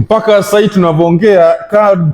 mpaka sasa hivi tunavyoongea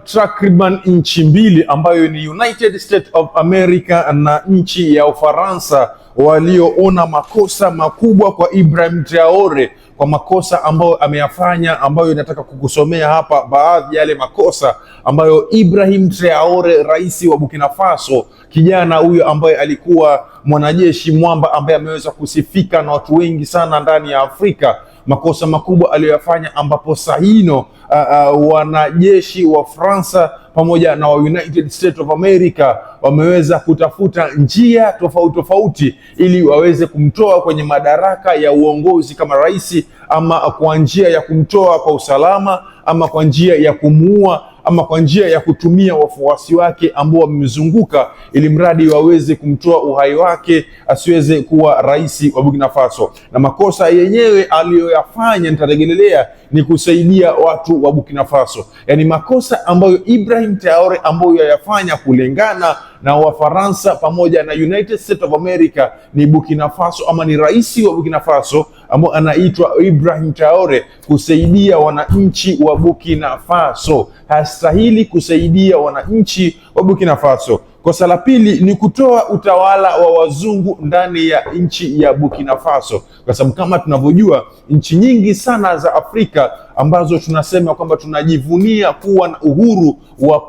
takriban nchi mbili ambayo ni United States of America na nchi ya Ufaransa walioona makosa makubwa kwa Ibrahim Traore kwa makosa ambayo ameyafanya, ambayo inataka kukusomea hapa baadhi ya yale makosa ambayo Ibrahim Traore, rais wa Burkina Faso, kijana huyo ambaye alikuwa mwanajeshi mwamba ambaye ameweza kusifika na watu wengi sana ndani ya Afrika makosa makubwa aliyoyafanya, ambapo sahino uh, uh, wanajeshi wa Fransa pamoja na wa United States of America wameweza kutafuta njia tofauti tofauti ili waweze kumtoa kwenye madaraka ya uongozi kama rais, ama kwa njia ya kumtoa kwa usalama, ama kwa njia ya kumuua ama kwa njia ya kutumia wafuasi wake ambao wamemzunguka, ili mradi waweze kumtoa uhai wake asiweze kuwa rais wa Burkina Faso, na makosa yenyewe aliyoyafanya nitaregelelea ni kusaidia watu wa Burkina Faso. Yaani makosa ambayo Ibrahim Traore ambayo yayafanya kulingana na Wafaransa pamoja na United States of America ni Burkina Faso ama ni rais wa Burkina Faso ambaye anaitwa Ibrahim Traore kusaidia wananchi wa Burkina Faso. Hastahili kusaidia wananchi wa Burkina Faso. Kosa la pili ni kutoa utawala wa wazungu ndani ya nchi ya Burkina Faso, kwa sababu kama tunavyojua nchi nyingi sana za Afrika ambazo tunasema kwamba tunajivunia kuwa na uhuru wa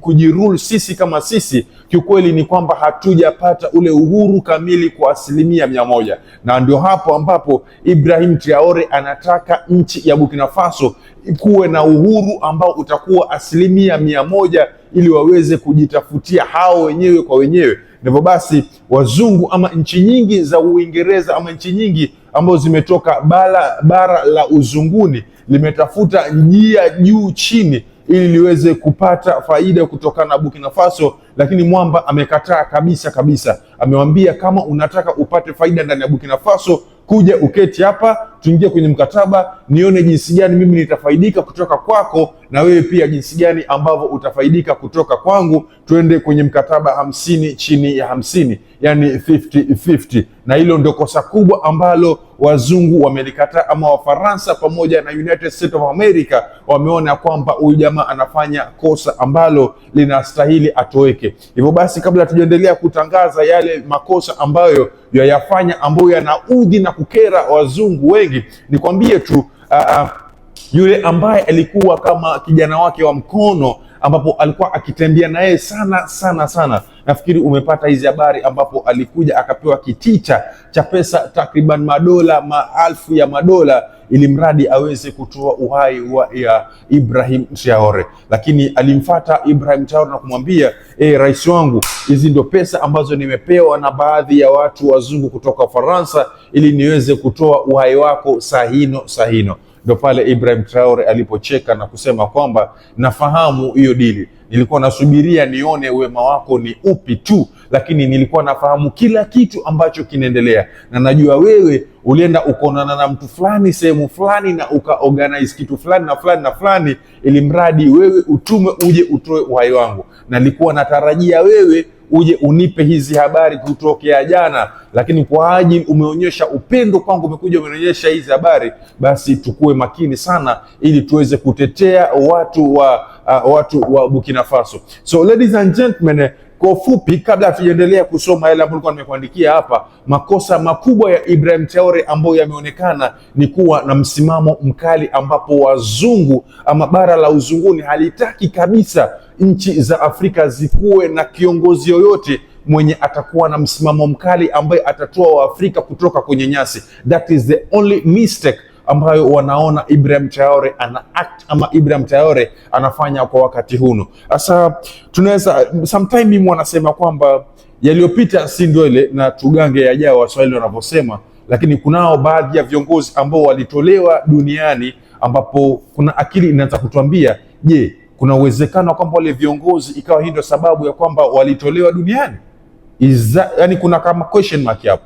kujirule sisi kama sisi, kiukweli ni kwamba hatujapata ule uhuru kamili kwa asilimia mia moja, na ndio hapo ambapo Ibrahim Traore anataka nchi ya Burkina Faso kuwe na uhuru ambao utakuwa asilimia mia moja ili waweze kujitafutia hao wenyewe kwa wenyewe. Ndivyo basi wazungu ama nchi nyingi za Uingereza ama nchi nyingi ambazo zimetoka bara, bara la uzunguni limetafuta njia juu chini ili liweze kupata faida kutokana na Burkina Faso, lakini mwamba amekataa kabisa kabisa. Amewambia kama unataka upate faida ndani ya Burkina Faso, kuja uketi hapa tuingie kwenye mkataba, nione jinsi gani mimi nitafaidika kutoka kwako na wewe pia jinsi gani ambavyo utafaidika kutoka kwangu, tuende kwenye mkataba hamsini chini ya hamsini, yani 50 50. Na hilo ndio kosa kubwa ambalo wazungu wamelikataa, ama Wafaransa pamoja na United States of America wameona kwamba huyu jamaa anafanya kosa ambalo linastahili atoweke. Hivyo basi, kabla tujaendelea kutangaza yale makosa ambayo yayafanya ambayo yanaudhi na kukera wazungu wengi zaidi, nikwambie tu uh, yule ambaye alikuwa kama kijana wake wa mkono ambapo alikuwa akitembea yeye sana sana sana. Nafikiri umepata hizi habari, ambapo alikuja akapewa kiticha cha pesa takriban madola maelfu ya madola ili mradi aweze kutoa uhai wa ya Ibrahim Traore, lakini alimfata Ibrahim Traore na kumwambia e, rais wangu, hizi ndio pesa ambazo nimepewa na baadhi ya watu wazungu kutoka Faransa ili niweze kutoa uhai wako sahino sahino. Ndo pale Ibrahim Traore alipocheka na kusema kwamba nafahamu hiyo dili, nilikuwa nasubiria nione wema wako ni upi tu lakini nilikuwa nafahamu kila kitu ambacho kinaendelea, na najua wewe ulienda ukaonana na mtu fulani sehemu fulani na ukaorganize kitu fulani na fulani na fulani, ili mradi wewe utume uje utoe uhai wangu. na nilikuwa natarajia wewe uje unipe hizi habari kutokea jana, lakini kwa ajili umeonyesha upendo kwangu, umekuja umeonyesha hizi habari. Basi tukuwe makini sana, ili tuweze kutetea watu wa uh, watu wa Burkina Faso. So ladies and gentlemen kwa ufupi, kabla hatujaendelea kusoma yale ambayo nilikuwa nimekuandikia hapa, makosa makubwa ya Ibrahim Traore ambayo yameonekana ni kuwa na msimamo mkali, ambapo wazungu ama bara la uzunguni halitaki kabisa nchi za Afrika zikuwe na kiongozi yoyote mwenye atakuwa na msimamo mkali ambaye atatoa Waafrika kutoka kwenye nyasi. That is the only mistake ambayo wanaona Ibrahim Traore ana act ama Ibrahim Traore anafanya kwa wakati huno. Sasa tunaweza sometime mimi wanasema kwamba yaliyopita si ndio ile na tugange yajao, Waswahili wanavyosema, lakini kunao baadhi ya viongozi ambao walitolewa duniani ambapo kuna akili inaanza kutuambia je, kuna uwezekano kwamba wale viongozi ikawa hii ndio sababu ya kwamba walitolewa duniani? Is that, yani kuna kama question mark hapo,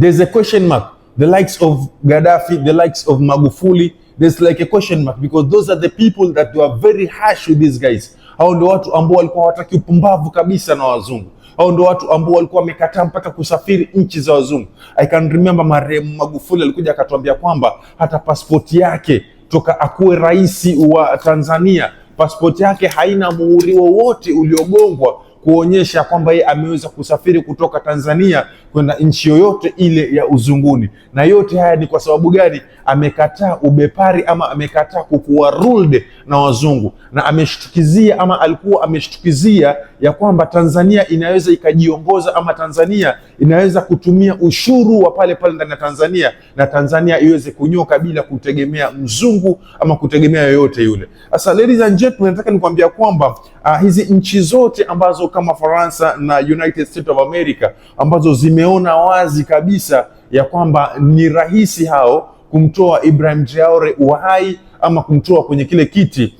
there's a question mark the likes of Gaddafi, the likes of Magufuli, there's like a question mark because those are the people that were very harsh with these guys. Hao ndio watu ambao walikuwa hawataki upumbavu kabisa na wazungu. Hao ndio watu ambao walikuwa wamekataa mpaka kusafiri nchi za wazungu. I can remember marehemu Magufuli alikuja akatuambia kwamba hata pasipoti yake toka akuwe rais wa Tanzania pasipoti yake haina muhuri wowote uliogongwa kuonyesha kwamba yeye ameweza kusafiri kutoka Tanzania kwenda nchi yoyote ile ya uzunguni. Na yote haya ni kwa sababu gani? Amekataa ubepari ama amekataa kukuwa ruled na wazungu, na ameshtukizia ama alikuwa ameshtukizia ya kwamba Tanzania inaweza ikajiongoza ama Tanzania inaweza kutumia ushuru wa pale pale ndani ya Tanzania na Tanzania iweze kunyoka bila kutegemea mzungu ama kutegemea yoyote yule. Sasa ladies and gentlemen, nataka nikwambia kwamba uh, hizi nchi zote ambazo kama Faransa na United States of America ambazo zimeona wazi kabisa ya kwamba ni rahisi hao kumtoa Ibrahim Traore uhai ama kumtoa kwenye kile kiti.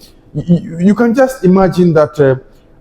You can just imagine that uh,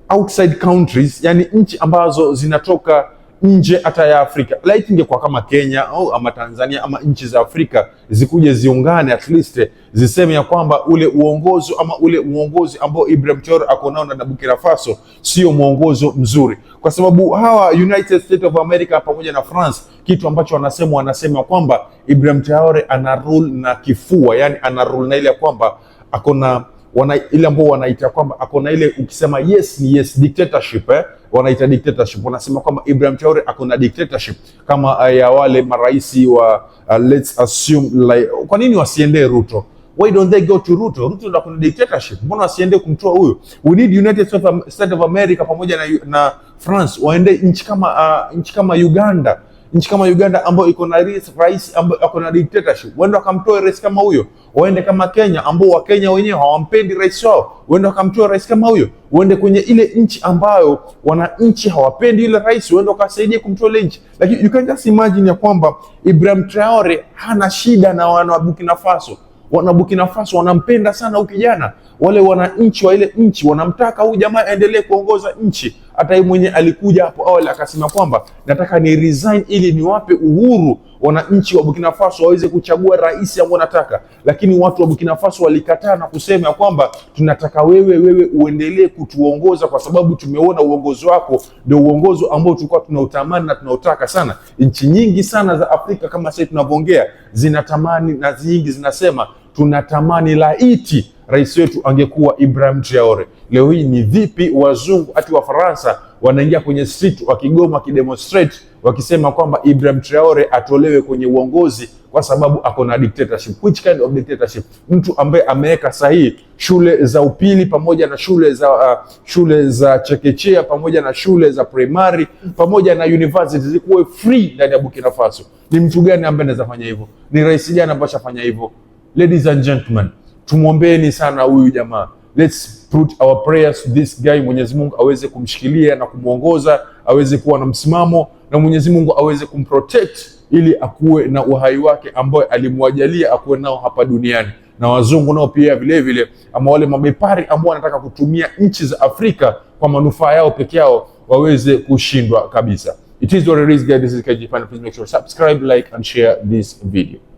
outside countries, yani nchi ambazo zinatoka nje hata ya Afrika. Laiti ingekuwa kama Kenya au ama Tanzania ama nchi za Afrika zikuje ziungane, at least eh, ziseme ya kwamba ule uongozi ama ule uongozi ambao Ibrahim Traore ako nao na Burkina Faso sio mwongozo mzuri, kwa sababu hawa United States of America pamoja na France, kitu ambacho wanasema wanasema kwamba Ibrahim Traore ana rule na kifua, yani ana rule na ile ya kwamba akona wana, ile ambao wanaita kwamba akona ile ukisema yes ni yes dictatorship eh? wanaita dictatorship, wanasema kwamba Ibrahim Traore akona dictatorship kama eh, ya wale maraisi wa uh, let's assume like, kwa nini wasiendee Ruto? Why don't they go to Ruto? Ruto ndo akona dictatorship, mbona wasiende kumtoa huyo? We need United States of America pamoja na, na France waende nchi kama, uh, nchi kama Uganda nchi kama Uganda ambayo iko na rais ambayo iko na dictatorship, waende wakamtoa rais kama huyo. Waende kama Kenya ambao Wakenya wenyewe hawampendi rais wao, waende wakamtoa rais kama huyo. Waende kwenye ile nchi ambayo wananchi hawapendi ile rais, waende wakasaidia kumtoa ile nchi. Lakini you can just imagine ya kwamba Ibrahim Traore hana shida na wana wa Burkina Faso. Wana Burkina Faso wanampenda sana huyu kijana, wale wananchi wa ile nchi wanamtaka huyu jamaa aendelee kuongoza nchi. Hata yeye mwenye alikuja hapo awali akasema kwamba nataka ni resign ili niwape uhuru wananchi wa Burkina Faso waweze kuchagua rais ambao nataka, lakini watu wa Burkina Faso walikataa na kusema kwamba tunataka wewe, wewe uendelee kutuongoza kwa sababu tumeona uongozi wako ndio uongozi ambao tulikuwa tunautamani na tunautaka sana. Nchi nyingi sana za Afrika kama sasa tunavyoongea zinatamani na nyingi zinasema tunatamani laiti rais wetu angekuwa Ibrahim Traore. Leo hii ni vipi wazungu wa Wafaransa wanaingia kwenye street wakigoma, wakidemonstrate wakisema kwamba Ibrahim Traore atolewe kwenye uongozi kwa sababu ako na dictatorship. Which kind of dictatorship? Mtu ambaye ameweka sahihi shule za upili pamoja na shule za uh, shule za chekechea pamoja na shule za primary pamoja na university zikuwe free ndani ya Burkina Faso. Ni mtu gani ambaye anaweza fanya hivyo? Ni rais gani ambaye ashafanya hivyo? Ladies and gentlemen Tumwombeeni sana huyu jamaa, let's put our prayers to this guy. Mwenyezi Mungu aweze kumshikilia na kumwongoza, aweze kuwa na msimamo na Mwenyezi Mungu aweze kumprotect ili akuwe na uhai wake ambaye alimwajalia akuwe nao hapa duniani. Na wazungu nao pia vilevile, ama wale mabepari ambao wanataka kutumia nchi za Afrika kwa manufaa yao peke yao waweze kushindwa kabisa. It is what it is guys, this is KG Please make sure subscribe, like and share this video.